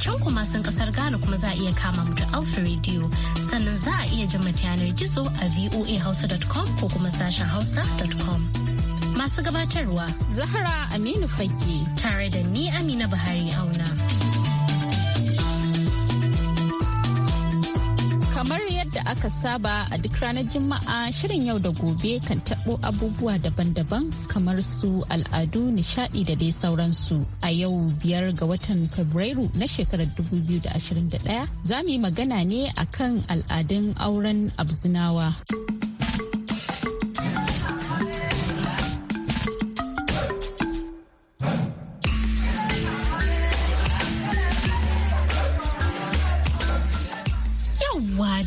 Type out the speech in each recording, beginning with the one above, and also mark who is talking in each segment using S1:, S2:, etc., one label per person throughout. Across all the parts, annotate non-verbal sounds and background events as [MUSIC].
S1: can kuma sun kasar Ghana kuma za a iya kama mu da Alfa Radio sannan za a iya jin yanar gizo a voahausa.com ko kuma sashen hausa.com. Masu gabatarwa Zahra Aminu Fagge tare da ni Amina Buhari Auna.
S2: yadda aka saba a duk ranar Juma'a shirin yau da gobe kan taɓo abubuwa daban-daban kamar su al'adu, nishaɗi da dai sauransu. A yau biyar ga watan Fabrairu na shekarar 2021 za mu yi magana ne akan al'adun auren Abzinawa.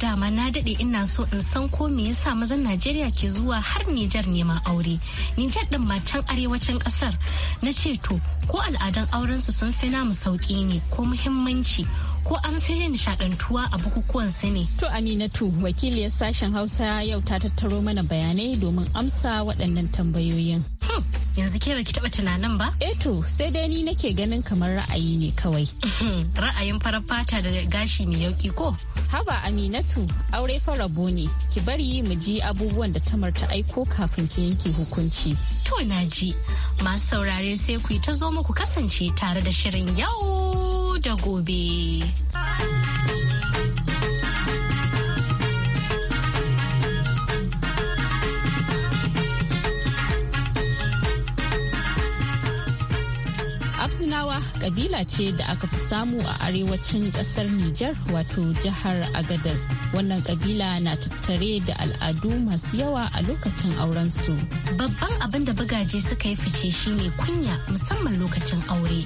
S1: dama na daɗe ina so in san ko me yasa mazan Najeriya ke zuwa har Nijar neman aure. Nijar ɗin ma can arewacin ƙasar. Na ce to ko al'adan su sun fi namu sauƙi ne ko muhimmanci
S2: ko an fi shaɗantuwa a bukukuwan su ne. To Aminatu wakiliyar sashen Hausa yau ta tattaro mana bayanai domin amsa waɗannan tambayoyin. Hmm, yanzu ke baki taɓa tunanin ba? Eh to sai dai ni nake ganin kamar ra'ayi ne kawai. Hmm, ra'ayin farar fata da gashi mai yauki ko? Haba Aminatu aure fa ne ki bari mu ji abubuwan da ta marta aiko kafin ki yanke hukunci. To na ji masu saurare sai ku yi ta zo muku kasance tare da shirin yau da
S1: gobe.
S2: Abzinawa kabila ce da aka fi samu a arewacin kasar Nijar wato jihar Agadez, Wannan kabila na tattare da al'adu masu yawa a lokacin aurensu. Babban abin da bagaje suka yi
S1: fice shine kunya musamman lokacin aure.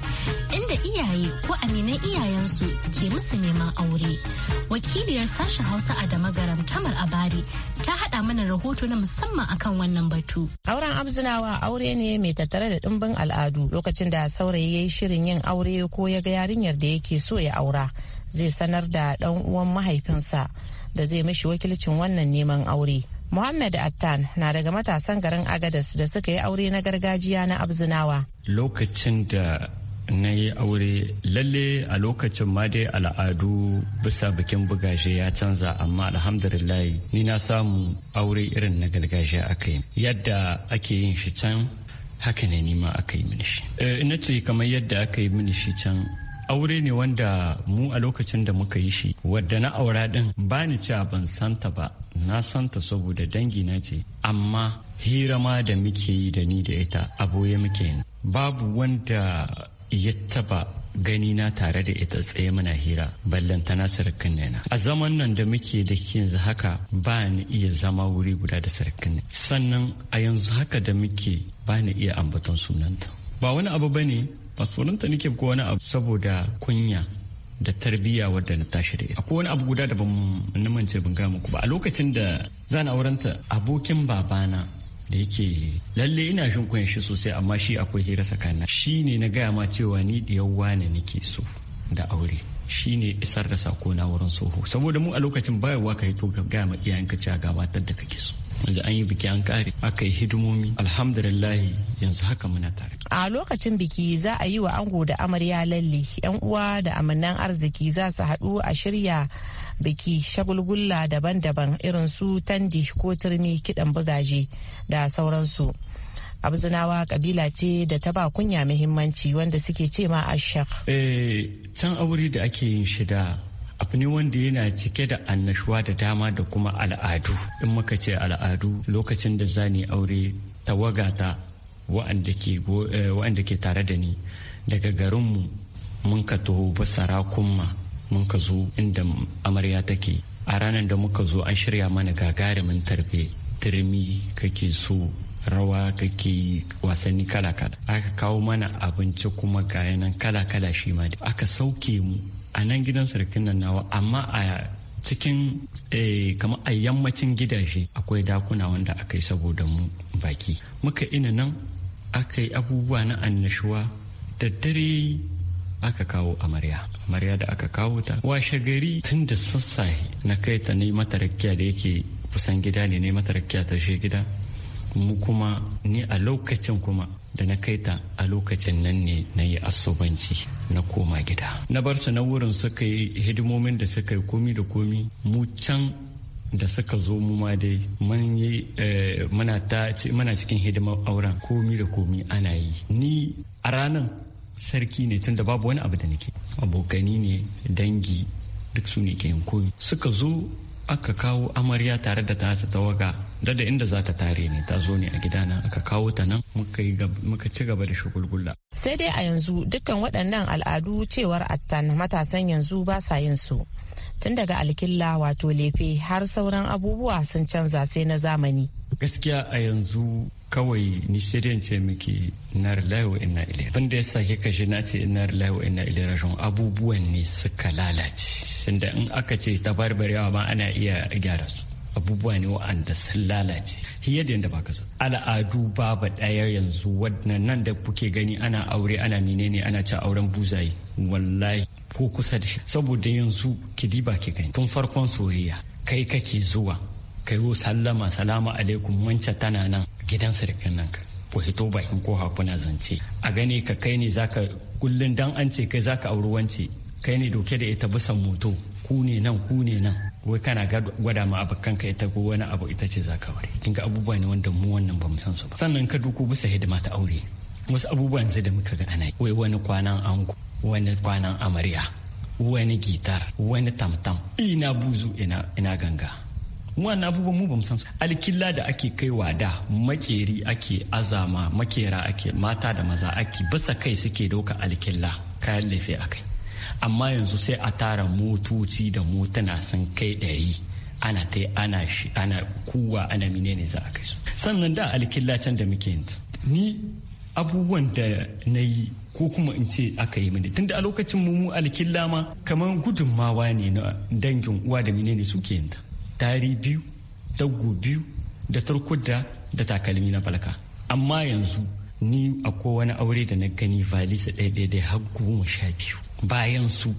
S1: inda iyaye ko aminan iyayensu ke musu neman aure. Wakiliyar sashen Hausa a Garam Tamar Abari ta haɗa mana rahoto na musamman akan wannan batu.
S3: Auren abzinawa aure ne mai tattare da ɗimbin al'adu lokacin da saurayi ya yi shirin yin aure ko ya ga yarinyar da yake so ya aura zai sanar da ɗan uwan mahaifinsa da zai mishi wakilcin wannan neman aure. Muhammad Attan na daga matasan garin Agadas da suka yi aure na gargajiya na Abzinawa.
S4: Lokacin da na yi aure lalle a lokacin ma dai al'adu bisa bikin bugashe ya canza amma alhamdulillah ni na samu aure irin na gargajiya aka yi yadda ake yin shi can haka ne nima aka yi mini shi eh, na ce kamar yadda aka yi mini shi can aure ne wanda mu a lokacin da muka yi shi wadda na aura din ba ni cewa ban santa ba na santa saboda dangi na ce amma hira ma da muke yi da ni da ita aboye muke babu wanda ya taba gani na tare da ita tsaye muna hira ballan tana sarkin nena a zaman nan da muke da ke yanzu haka ba ni iya zama wuri guda da sarkin sannan a yanzu haka da muke ba ni iya ambaton sunanta ba wani abu bane fasforinta nake ko wani abu saboda kunya da tarbiyya wadda na tashi da ita akwai wani abu guda da ban namance ban gaya muku ba a lokacin da zan aurenta abokin babana da yake lalle ina jin shi sosai amma shi akwai hira tsakanin shi ne na gaya ma cewa ni diyan ne nake so da aure shi ne isar da sako na wurin soho saboda mu a lokacin bayarwa ka to ga gaya ma iyayenka cewa gabatar da kake so yanzu an yi biki an kare aka yi hidimomi alhamdulillah yanzu haka muna tare
S3: a lokacin biki za a yi wa ango da amarya lalle yan uwa da amannan arziki za su haɗu a shirya biki shagulgulla daban-daban irin su tandi ko turmi kiɗan bugaje da sauransu abzinawa kabila ce da ta ba kunya muhimmanci wanda suke ce ma ashak
S4: eh, can aure da ake yin shida abu ne wanda yana cike da annashuwa da dama da kuma al'adu in muka ce al'adu lokacin da zani aure tawagata eh, wa'anda ke tare da ni daga garinmu mun ka taho basara kuma mun ka zo inda amarya take a ranar da muka zo an shirya mana gagarumin tarbe turmi kake so rawa kake yi wasanni kala-kala aka kawo mana abinci kuma kayan nan kala-kala shi ma aka sauke mu a nan gidan sarkin nan nawa amma a cikin eh, kamar a yammacin gidaje akwai dakuna wanda aka yi saboda mu baki muka ina nan aka yi abubuwa na annashuwa da dare aka kawo amarya amarya da aka kawo ta washe gari tun da sassahe na kai ta ne mata da yake kusan gida ne ne mata ta shi gida mu kuma ni a lokacin kuma da na kai ta a lokacin nan ne na yi asubanci na koma gida na bar su na wurin suka yi hidimomin da suka yi komi da komi mu can da suka zo mu ma dai eh, muna cikin hidimar auren komi da komi ana yi ni a ranar sarki ne tunda babu wani abu da nake abokani ne dangi duk su ne ke komi suka zo aka kawo amarya tare da ta tawaga da inda za ta tare ne ta zo ne a gidana aka kawo ta nan muka ci gaba da shugulgula.
S3: sai dai a yanzu dukkan waɗannan al'adu cewar attan matasan yanzu ba sa yin su tun daga alkilla wato lefe har sauran abubuwa sun canza sai na zamani
S4: gaskiya a yanzu kawai ni sai dai ce miki na lillahi wa inna ile abin da ya sa kika na ce ina lillahi wa inna ile rashin abubuwan ne suka lalace tunda in aka ce ta tabarbarewa ma ana iya gyara su abubuwa ne wa'anda sun lalace hiyar da yadda baka so al'adu babu ɗaya yanzu wannan nan da kuke gani ana aure ana menene ana ci auren buzayi wallahi ko kusa da shi saboda yanzu kidiba ke gani tun farkon soyayya kai kake zuwa kai wo sallama salamu alaikum wancan tana nan gidan sirikin nan ka ku hito bakin ko hakuna zance a gani ka kai ne zaka kullun dan an ce kai zaka auri wance kai ne doke da ita bisan moto ku ne nan ku ne nan wai kana gwada ma abokan ka ita ko wani abu ita ce zaka aure kin ga abubuwa ne wanda mu wannan bamu san su ba sannan ka duku bisa hidima ta aure wasu abubuwan yanzu da muka ga ana wai wani kwanan ango wani kwanan amarya wani gitar wani tamtam ina buzu ina ina ganga mu wannan abubuwan mu bamu san su alkilla da ake kaiwa da makeri ake azama makera ake mata da maza ake bisa kai suke doka alkilla kayan lefe akai amma yanzu sai a tara motoci da motuna sun kai ɗari ana ta ana shi ana kuwa ana mine ne za a kai su sannan da alkilla can da muke yin ni abubuwan da na yi ko kuma in ce aka yi mini tunda a lokacin mu alkilla ma kamar gudunmawa ne na dangin uwa da mine ne suke yanta tari biyu dagu biyu da tarkuda da takalmi na falka amma yanzu ni a wani aure da na gani valisa ɗaya ɗaya har goma sha biyu bayan su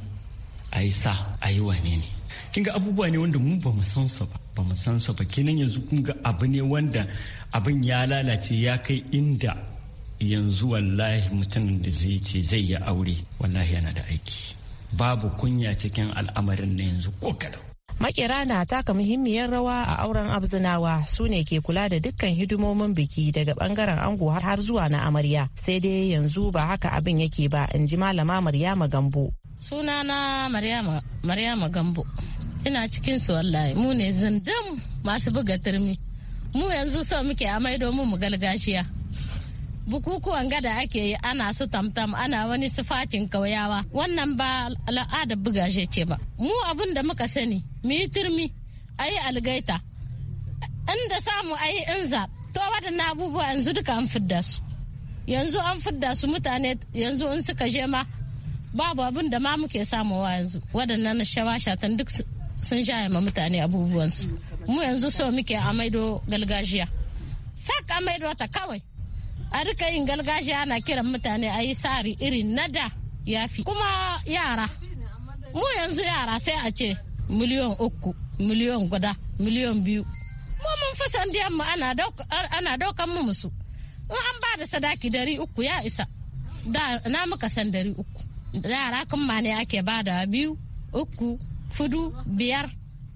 S4: a yi sa a yi wane ne kin ga abubuwa ne wanda mu ba mu san su ba ba mu san su ba Kinan yanzu kun ga abu ne wanda abin ya lalace ya kai inda yanzu wallahi mutumin da zai ce zai yi aure wallahi yana da aiki babu kunya cikin al'amarin na yanzu ko kadan
S3: makera na taka muhimmiyar rawa a auren abzinawa su ne ke kula da dukkan hidimomin biki daga bangaren ango har zuwa na amarya sai dai yanzu ba haka abin yake ba in ji malama maryama gambo
S5: sunana maryama maryama gambo ina cikin su wallahi mu ne zindam masu buga turmi mu yanzu so muke amai domin mu galgashiya bukukuwan gada ake yi ana su tamtam ana wani sifatin kauyawa wannan ba al'ada bugashe ce ba mu abin da muka sani mu yi turmi a yi algaita inda samu a yi inza to waɗannan abubuwa yanzu duka an fidda su yanzu an fidda su mutane yanzu in suka je ma babu abin da ma muke samuwa yanzu waɗannan shawashatan duk sun sha ma mutane abubuwansu mu yanzu so muke a maido galgajiya sak a maido ta kawai a rika yin galgashi ana kiran mutane a yi sari irin na da ya fi kuma yara mu yanzu yara sai a ce miliyan uku miliyan guda miliyan biyu mu mun fi sandiyan mu ana daukan mu musu in an ba da sadaki dari uku ya isa da na muka san dari uku yara kun ma ne ake ba da biyu uku fudu biyar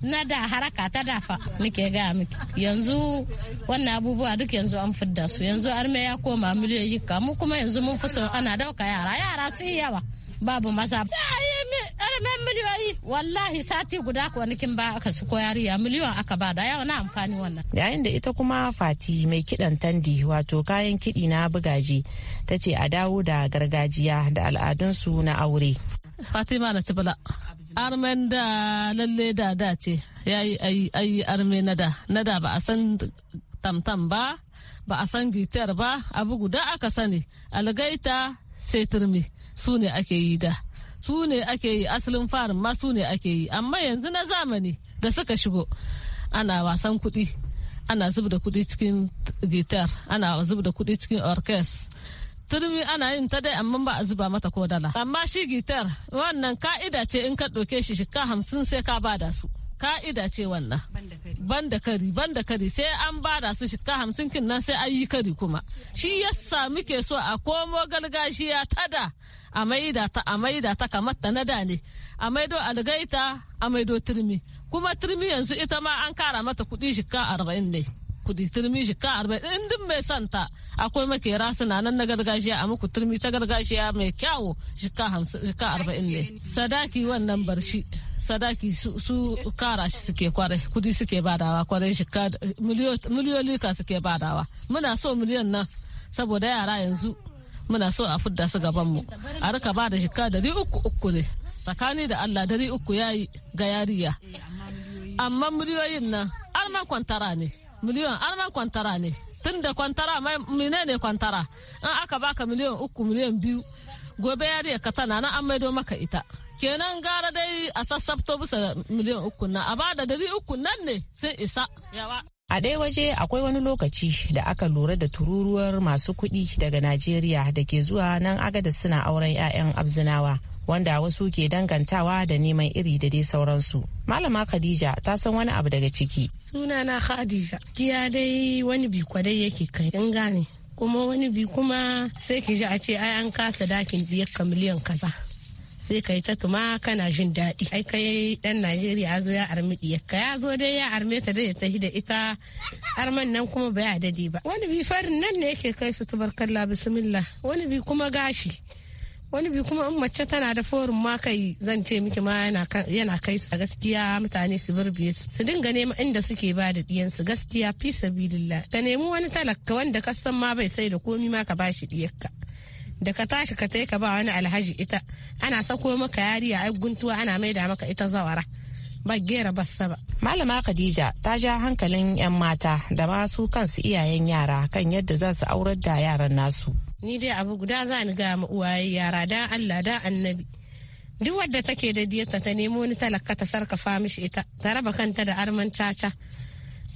S5: na da haraka ta dafa nake gaya miki yanzu wannan abubuwa duk yanzu an fidda su yanzu arme ya koma miliyoyi kamu kuma yanzu mun fi son ana dauka yara yara su yawa babu masa ƙaramin miliyoyi wallahi sati guda kuwa nikin ba aka su ko yariya miliyon aka ba da yawa na amfani
S6: wannan yayin
S3: da ita kuma fati mai kidan tandi wato kayan kiɗi na bugaji ta ce a dawo da gargajiya da al'adunsu na aure
S6: fatima na tibala armen da lalle da da ce ya yi ayi arme na da na da ba a san tamtam ba ba a san gitar ba abu guda aka sani algaita sai turmi su ne ake yi da su ne ake yi asalin farin ma su ne ake yi amma yanzu na zamani da suka shigo ana wasan kuɗi ana zub da kuɗi cikin gitar ana zub da kuɗi cikin orkes turmi ana yin ta dai amma ba a zuba mata ko dala amma shi gitar wannan ka'ida ce in ka ɗauke shi shika hamsin sai ka bada su ka'ida ce wannan banda kari banda kari sai an bada su shika hamsin kin nan sai an yi kari kuma shi ya yasa muke so a komo gargajiya tada a maida ta a maida ta kamar ta na da ne a maido algaita a maido turmi kuma turmi yanzu ita ma an kara mata kuɗi shika arba'in ne kudi turmi shi ka arba'in in duk mai son ta akwai makera suna nan na gargajiya a muku turmi ta gargajiya mai kyawu shi ka arba'in ne sadaki wannan barshi sadaki su kara shi suke kwarai kudi suke badawa kwarai shi miliyoyi ka suke badawa muna so miliyan nan saboda yara yanzu muna so a fudda su mu a rika ba da shika dari uku uku ne tsakani da allah dari uku yayi ga yariya amma miliyoyin nan arman kwantara ne miliyon an kwantara ne tun da kwantara mai mine ne kwantara in aka baka miliyan uku miliyan biyu gobe yari ka tana na an maido maka ita kenan gara dai a sassafto bisa miliyan uku na a bada dari uku nan ne sun isa yawa
S3: A ɗaya waje akwai wani lokaci da aka lura da tururuwar masu kuɗi daga Najeriya da ke zuwa nan agada suna auren 'ya'yan abzinawa. Wanda wasu ke dangantawa da neman iri da dai sauransu. Malama Khadija ta san wani abu daga ciki.
S7: Suna na Khadija. Giya dai wani bi kwadai yake kai. In gane. Kuma wani bi kuma sai ki ji a ce ai an kasa dakin ka miliyan kaza. sai ka yi ta tuma kana jin daɗi ai kai ɗan najeriya ya zo ya armi ka ya zo dai ya arme ta dai ta da ita arman nan kuma ba ya dade ba wani bi farin nan ne yake kai su tubarkalla bismillah wani bi kuma gashi wani bi kuma in mace tana da forin ma kai zan ce miki ma yana kai su gaskiya mutane su birbiye su dinga nema inda suke ba da diyansu gaskiya fi sabilillah ka nemi wani talaka wanda ka san ma bai sai da komi ma ka bashi diyarka da ka tashi ka tai ka ba wani alhaji ita ana sako maka yari a guntuwa ana maida maka ita zawara ba gera ba saba.
S3: Malama Khadija ta ja hankalin 'yan mata da masu kansu iyayen yara kan yadda za su aurar da yaran nasu.
S7: Ni dai abu guda za ni ga uwaye yara da Allah da annabi. Duk wadda take da diyarta ta nemo ni talaka ta sarkafa mishi ita ta raba kanta da arman caca.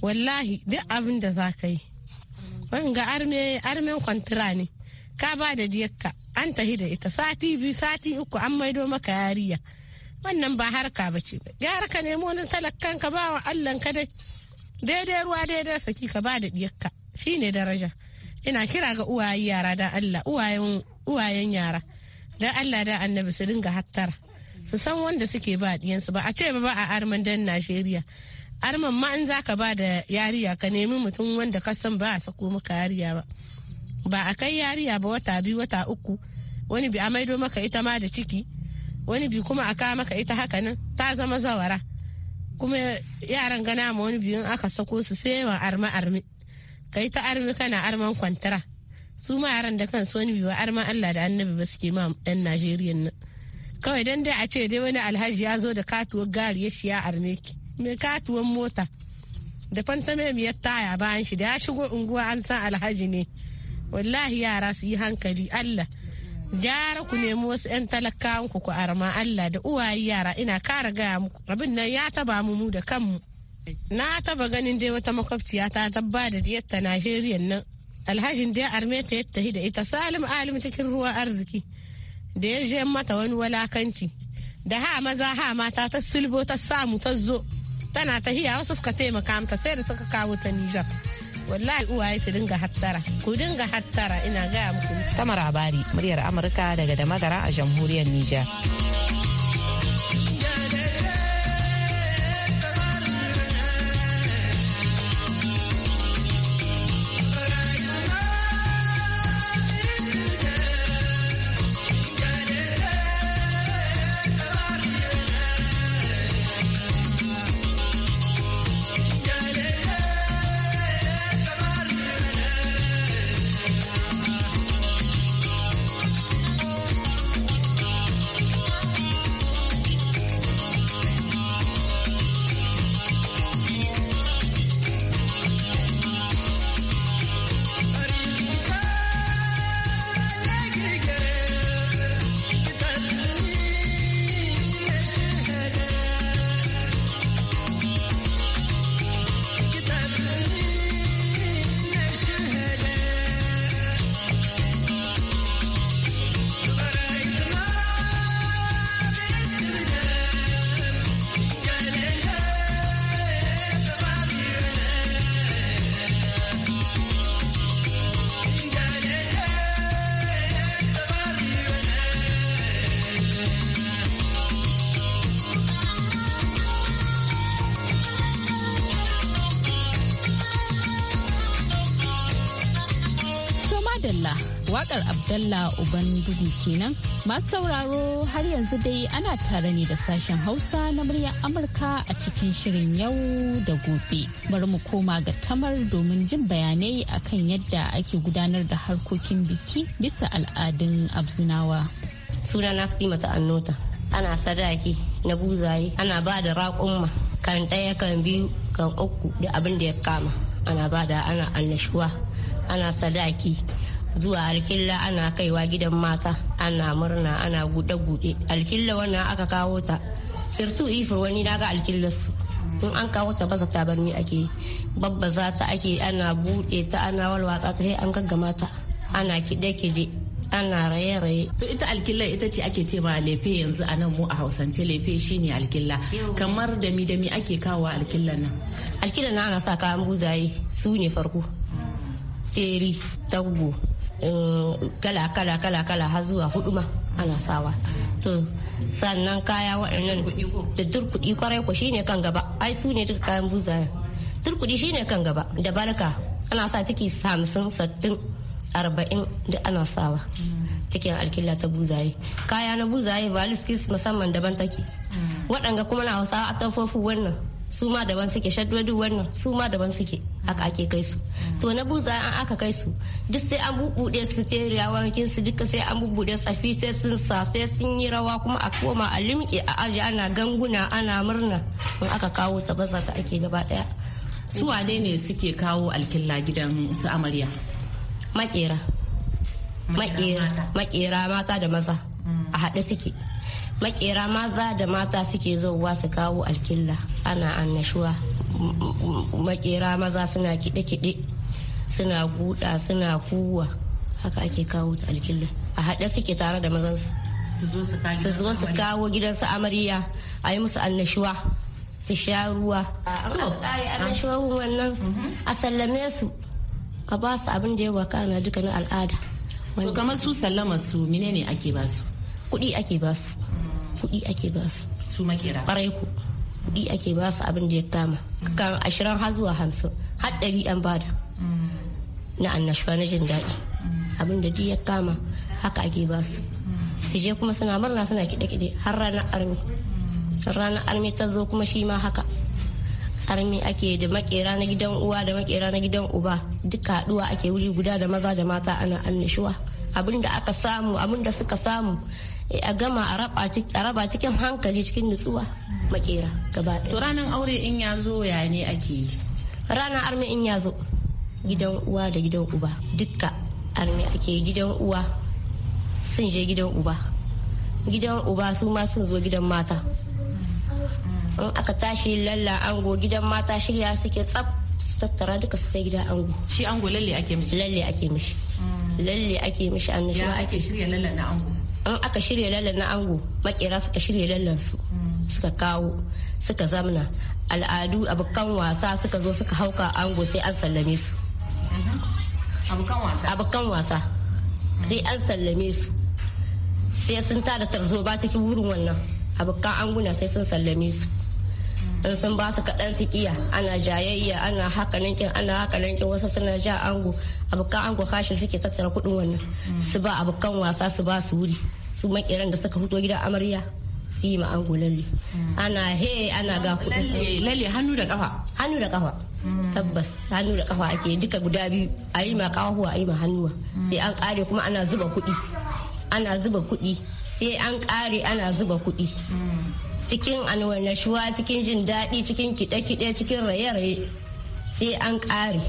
S7: Wallahi duk abin da za ka yi. Wanga armen kwantira ne. ka ba da diyarka an tahi da ita sati biyu sati uku an maido maka yariya wannan ba harka ba ce ba gyara ka nemo wani talakkan ka ba wa allan ka dai daidai ruwa daidai saki ka ba da diyarka shine daraja ina kira ga uwayen yara da allah uwayen yara da allah da annabi su dinga hattara su san wanda suke ba diyansu ba a ce ba a arman dan najeriya arman ma in zaka ba da yariya ka nemi mutum wanda ka san ba a sako maka yariya ba ba a kai yariya ba wata biyu wata uku wani bi a maido maka ita ma da ciki wani bi kuma a kawo maka ita hakanan ta zama zawara kuma yaran gana ma wani biyun aka sako su sai yawan arma armi ka ta armi kana arman kwantara su ma yaran da kan wani bi wa arman Allah da annabi ba suke ma yan Najeriya nan kawai dan dai a ce dai wani alhaji ya zo da katuwar gari ya shiya arme ki mai katuwar mota da fanta mai taya bayan shi da ya shigo unguwa an san alhaji ne wallahi yara su yi hankali allah gyara ku nemi wasu 'yan talakawan ku ku arma allah da uwaye yara ina kara gaya muku abin nan ya taba mu mu da kanmu na taba ganin dai wata makwabciya ta tabba da diyatta najeriya nan alhajin dai arme ta yadda da ita salim alim cikin ruwa arziki da ya je mata wani walakanci da ha maza ha mata ta silbo ta samu ta zo tana tahiya wasu suka taimaka mata sai da suka kawo ta nijar wallahi uwaye su dinga hattara ku dinga hattara ina gaya muku
S3: tamara abari muryar amurka daga damagara a jamhuriyar niger
S2: Wakar Abdallah Ubandugu kenan masu sauraro har yanzu dai ana tare ne da sashen Hausa na muryar Amurka a cikin shirin yau da gobe. Bari mu koma ga tamar domin jin bayanai akan yadda ake gudanar da harkokin biki bisa
S8: al'adun Abzinawa. Sunana Fatima mata annota. ana sadaki na buzaye ana ba da raƙumma kan ɗaya kan biyu kan uku da abin da ya kama ana ba da ana annashuwa ana sadaki zuwa alkilla ana kaiwa gidan mata ana murna ana gude-gude alkilla wannan aka kawo ta sirtu ifir wani daga alkillarsu in an kawo ta baza tabarni ake babbaza ta ake ana bude ta ana walwatsa ta sai an gaggama ta ana kide-kide
S3: ana raye-raye. To ita alkilla ita ce ake ce ma lefe yanzu a nan mu a hausance lefe shine alkilla. Kamar dami dami ake kawo alkilla nan. Alkilla na ana sa kayan buzaye
S8: su ne farko. Teri, taggo, kala kala kala kala har zuwa hudu ma ana sawa to sannan kaya waɗannan da turkuɗi kwarai ku shine kan gaba ai su ne duka kayan buza turkuɗi shine kan gaba da barka ana sa ciki hamsin sattin arba'in da ana sawa cikin alkilla ta buzaye kaya na buzaye ba musamman daban take waɗanga kuma na hausa a tamfofin wannan su ma daban suke shaddadu wannan su ma daban suke haka ake kai su to na buza an aka kai su duk sai an bubude su teriya wankin su duka sai an bubude safi sai sun sa sai sun yi rawa kuma a koma a limke a aji ana ganguna ana murna in aka kawo ta baza ta ake gaba daya su wane ne suke kawo alkilla gidan su amarya makera makera mata da maza a haɗe suke makera maza da mata suke zauwa su kawo alkilla ana annashuwa makera maza suna kiɗe-kiɗe suna guda suna kuwa haka ake kawo ta alkilla a haɗe suke tare da mazan su zo su kawo gidansu amarya a yi musu annashuwa su sha ruwa annashuwa wannan mhm. a sallame su a ba su abin da ya waka na duka na al'ada kamar su sallama su menene ake ba su kuɗi ake ba su kuɗi ake ba su su makera ƙwarai ku kuɗi ake ba su abin da ya kama mm. kan ashirin har zuwa hamsin har ɗari an bada mm. na annashuwa na jin daɗi mm. abin da duk ya kama haka ake ba su su je kuma suna murna suna kiɗe-kiɗe har ranar armi ranar armi ta zo kuma shi ma haka armi ake da makera na gidan uwa da makera na gidan uba duka haɗuwa ake wuri guda da maza da mata ana annashuwa abin da aka samu abin da suka samu a gama a raba cikin hankali cikin nutsuwa makera gaba ɗaya. To ranar aure in ya zo ya ne ake yi? Ranar arme in ya zo gidan uwa da gidan uba dukka arme ake gidan uwa sun je gidan uba gidan uba su ma sun zo gidan mata in aka tashi lalla ango gidan mata shirya suke tsaf su tattara duka su ta gida ango shi ango lalle ake mishi lalle ake mishi mm. lalle ake mishi annashuwa ake shirya lalla na ango in aka shirya lallan na ango makera suka shirya lallan su suka kawo suka zamna al'adu abokan wasa suka zo suka hauka ango sai an sallame su mm-hmm. abokan wasa sai an sallame su sai sun tada ba cikin wurin wannan abokan anguna sai sun sallame su in sun ba su kaɗan su kiya ana jayayya ana haka nankin ana haka nankin wasu suna ja ango abokan ango kashin suke tattara kuɗin wannan su ba abokan wasa su ba su wuri su makiran da suka fito gida amarya su yi ma'ango lalle ana he ana ga kudu lalle hannu da kafa hannu da kafa tabbas hannu da kafa ake duka guda biyu a yi ma kahuwa a yi ma hannuwa sai an kare kuma ana zuba kuɗi ana zuba kudi sai an kare ana zuba kuɗi cikin annashuwa cikin jin daɗi cikin kiɗe-kiɗe cikin raye-raye sai an kare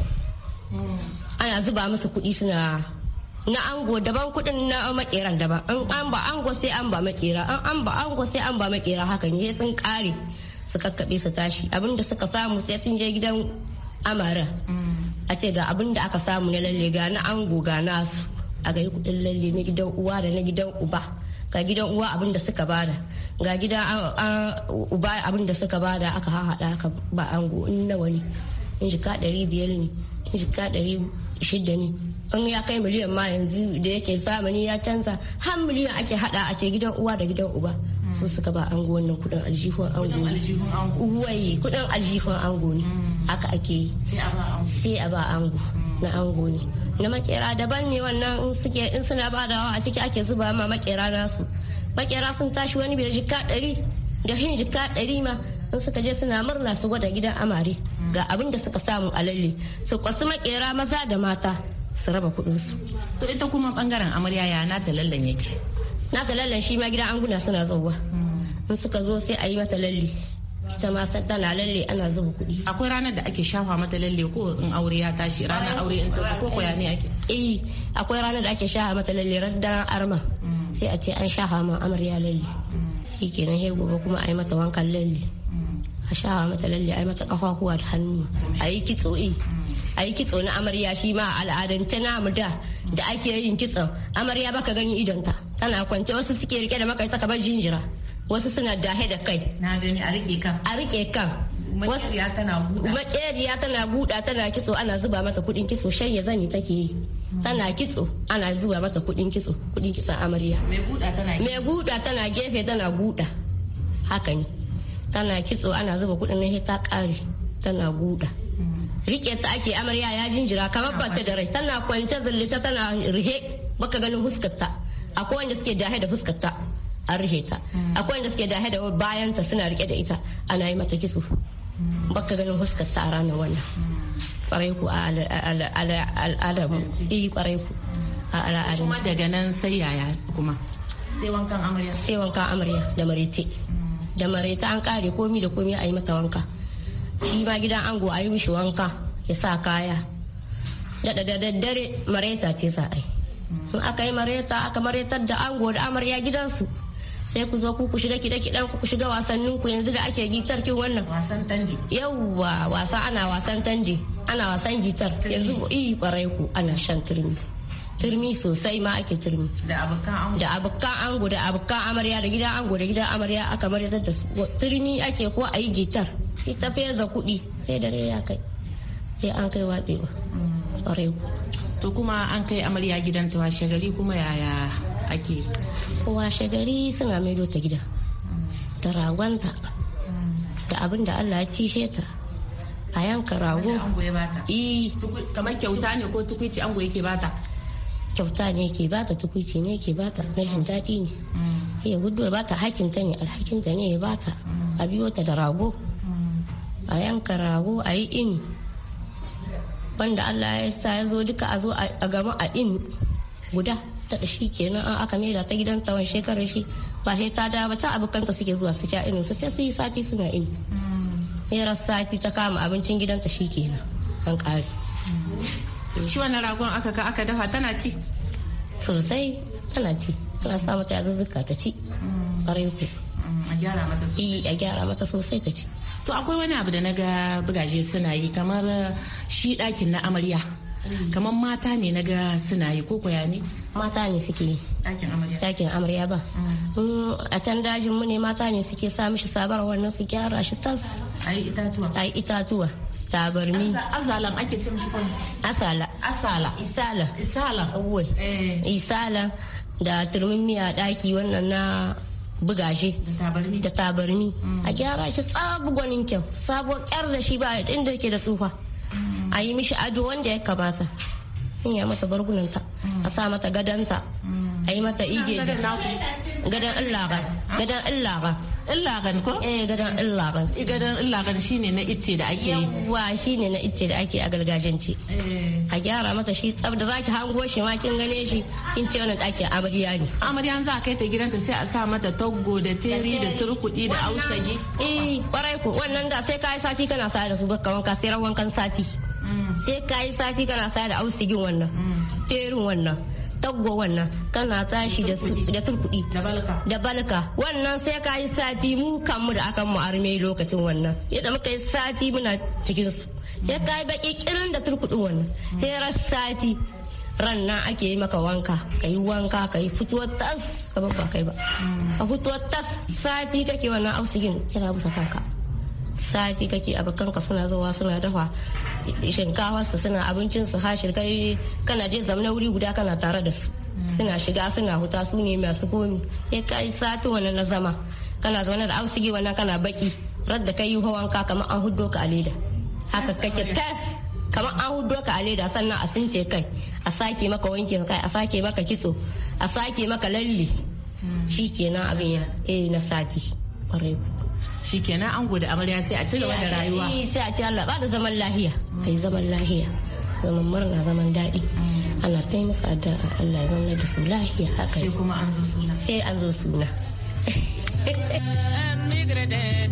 S8: ana zuba musu kuɗi suna na ango daban kuɗin na makeran daban an ba ango sai an ba makera an ba ango sai an ba makera haka ne sun kare su kakkaɓe su tashi abinda suka samu sai sun je gidan amara mm. a ce ga abinda aka samu na lalle ga na ango ga nasu a ga kuɗin lalle na gidan uwa da na gidan uba ga gidan uwa abinda suka bada ga gidan uba abinda suka bada aka hahada aka ba ango in nawa ne in jika ɗari biyar ne in jika shidda ne in ya kai miliyan ma yanzu da yake zamani ya canza har miliyan ake hada a ce gidan uwa da gidan uba su suka ba ango wannan kudin aljihun ango ne uwaye kudin aljihun ango ne mm. haka ake yi sai a ba ango mm. na ango ne na makera daban ne wannan in suke in suna da a ciki ake zuba ma makera nasu makera sun tashi wani bai jika ɗari da hin jika ɗari ma in suka je suna murna su gwada gidan amare ga abin da suka samu a lalle su kwasu makera maza da mata su raba kuɗinsu. to ita kuma bangaren amarya ya ta lallan yake ta lallan shi ma gidan anguna suna zauwa in suka zo sai a yi mata lalle ita ma san tana lalle ana zuba kudi. Akwai ranar da ake shafa mata lalle ko in aure ya tashi ranar aure in ta ko koya ne ake. Eh akwai ranar da ake shafa mata lalle ran daren arma mm. sai a ce an shafa ma amarya lalle. Shi kenan sai gobe kuma a yi mata wankan lalle. a sha mata lalle a yi mata kafafuwa da hannu a yi kitso eh. a yi kitso na amarya shi ma al'adance na da da ake yin kitson amarya baka gani idonta tana kwance wasu suke rike da ka bar jinjira wasu suna dahe da kai na gani a rike kan a rike kan makeriya tana guda tana kitso ana zuba mata kudin kitso ya zani take yi tana kitso ana zuba mata kudin kitso kudin kitson amarya mai
S5: guda
S8: tana gefe tana guda haka ne tana kitso ana zuba kudin na ta kare tana guda rike ta ake amarya ya jinjira kamar ba ta rai tana kwance zallita tana rihe baka ganin fuskarta akwai wanda suke dahe da fuskarta an rihe ta akwai wanda suke dahe da bayan ta suna rike da ita ana yi mata kitso baka ganin fuskarta a ranar wannan kwarai ku a al'adamu iya kwarai ku a al'adamu kuma daga nan sai yaya kuma sai wankan amarya da marite da maraita an kare komi da komi a yi mata wanka shi ma gidan ango a yi mishi wanka ya sa kaya da daddare maraita ce za a yi in aka yi maraita aka maretar da ango da amarya gidansu sai ku zo ku ku shiga kiɗe kiɗan ku shiga wasannin ku yanzu da ake gitar kin wannan wasan tande yawwa wasa ana wasan tande ana wasan gitar yanzu i kwarai ku ana shan turmi turmi sosai ma ake turmi da abokan ango da abokan amarya da gidan ango da gidan amarya aka maryar da su turmi ake ko a yi gitar sai ta feza kuɗi sai dare ya kai sai an kai watsewa mm. ƙwarai to kuma an kai amarya gidan ta washe gari kuma yaya ake washe gari suna maido ta gida mm. da ragonta mm. da abin da allah ya tishe ta a yanka rago eh. kamar kyauta ne ko tukuici ango yake bata kyauta ne ke bata tukuci ne ke bata rashin daɗi ne mm. ya gudu ya bata hakinta ne alhakinta ne ya bata a biyo ta da rago a yanka rago a yi ini wanda allah ya sa ya zo duka a zo a gama a ini guda ta shi kenan an aka maida ta gidan tawan shekarar shi ba sai ta da ba ta abokanta suke zuwa su sha inin su sai su yi sati suna ini mm. yara sati ta kama abincin gidanta shi kenan an kare
S3: mm. shi wannan ragon aka ka aka dafa tana ci
S8: sosai tana ci ana sa mata yazuzzuka ta ci ƙwarai ku mm,
S3: eh, a gyara
S8: mata sosai ta ci
S3: to akwai wani abu da na ga bugaje suna yi kamar uh, shi
S8: ɗakin na amarya mm. kamar mata ne na ga suna yi ko koya ne mata ne suke yi ɗakin amarya ba mm. a can dajin mu ne mata ne suke sa mishi sabar wannan su gyara shi tas a yi itatuwa tabarmi asala ake cin mishi asala asala isala isala eh isala da turmimi a daki wannan na buga shi da tabarmi mm. a gyara shi tsabu gwanin kyau sabo kyar da shi ba inda yake da tsufa mm. a yi mishi ado wanda ya kamata in ya mata bargunanta mm. a sa mata gadanta a yi mata ige gadan Allah gadan gadon illagan ko eh gadon illagan eh, gadon illagan shine na itce da ake yi shine na itce da ake a gargajiyance eh. a gyara maka shi tsab da zaki hango shi ma kin gane shi kin ce wannan ɗakin amarya ne amarya za a kai ta gidanta sai a sa mata taggo da teri da turkudi da ausagi eh kwarai ko wannan da sai kai sati kana sa da su baka wanka sai ran wankan sati mm. sai kai sati kana sa da ausagin wannan mm. terin wannan taggo wannan kana tashi da turkudi da balka wannan sai ka yi sati mu kanmu da akan mu arme lokacin wannan yadda muka yi sati muna cikin su ya ka yi baki kirin da turkuɗin wannan sai sati ran nan ake yi maka wanka ka yi wanka ka yi fituwar tas ka ba kai ba a fituwar tas sati kake wannan ausigin yana busa kanka sati kake abokanka suna zuwa suna dafa shinkawarsu suna abincinsu hashir kai kana je zamna wuri guda kana tare da su suna shiga suna huta su ne masu komi ya kai sati wani na zama kana zaune da ausige wannan kana baki radda kai yi hawanka kamar an huddo ka aleda haka kake tas kamar an huddo ka aleda sannan a sunce kai a sake maka wanke kai a sake maka kitso a sake maka lalle shi kenan abin ya eh na sati kwarai kenan an gode amarya sai a cigaba da rayuwa eh, sai a ci Allah ba da zaman lahiya ai zaman lahiya zaman murna zaman daɗi ana ta yi musu addu'a Allah ya zama da su lahiya haka sai kuma an zo suna sai an zo suna [LAUGHS]
S9: [LAUGHS]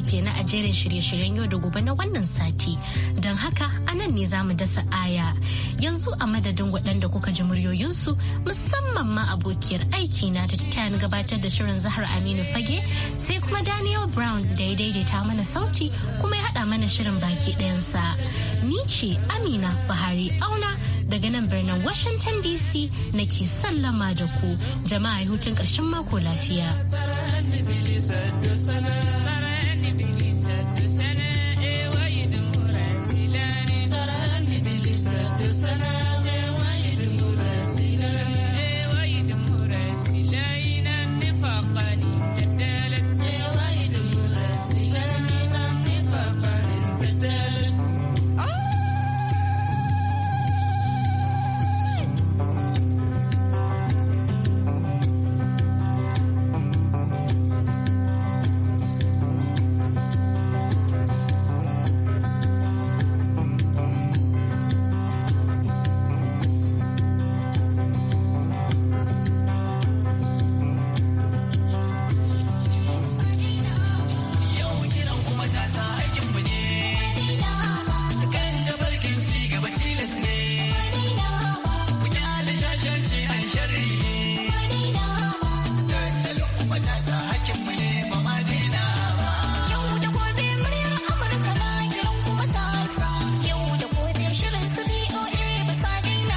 S1: ake na a jerin shirye-shiryen yau da gobe na wannan sati don haka a nan ne zamu dasa aya yanzu a madadin waɗanda kuka ji muryoyinsu musamman ma abokiyar aiki na ta tayan gabatar da shirin zahar aminu fage sai kuma daniel brown da ya daidaita mana sauti kuma ya haɗa mana shirin baki ɗayansa ni ce amina buhari auna daga nan birnin washington dc nake sallama da ku jama'a hutun ƙarshen mako lafiya.
S9: sana'a eh, wayi da mura silani tara ni bilisa da sana'a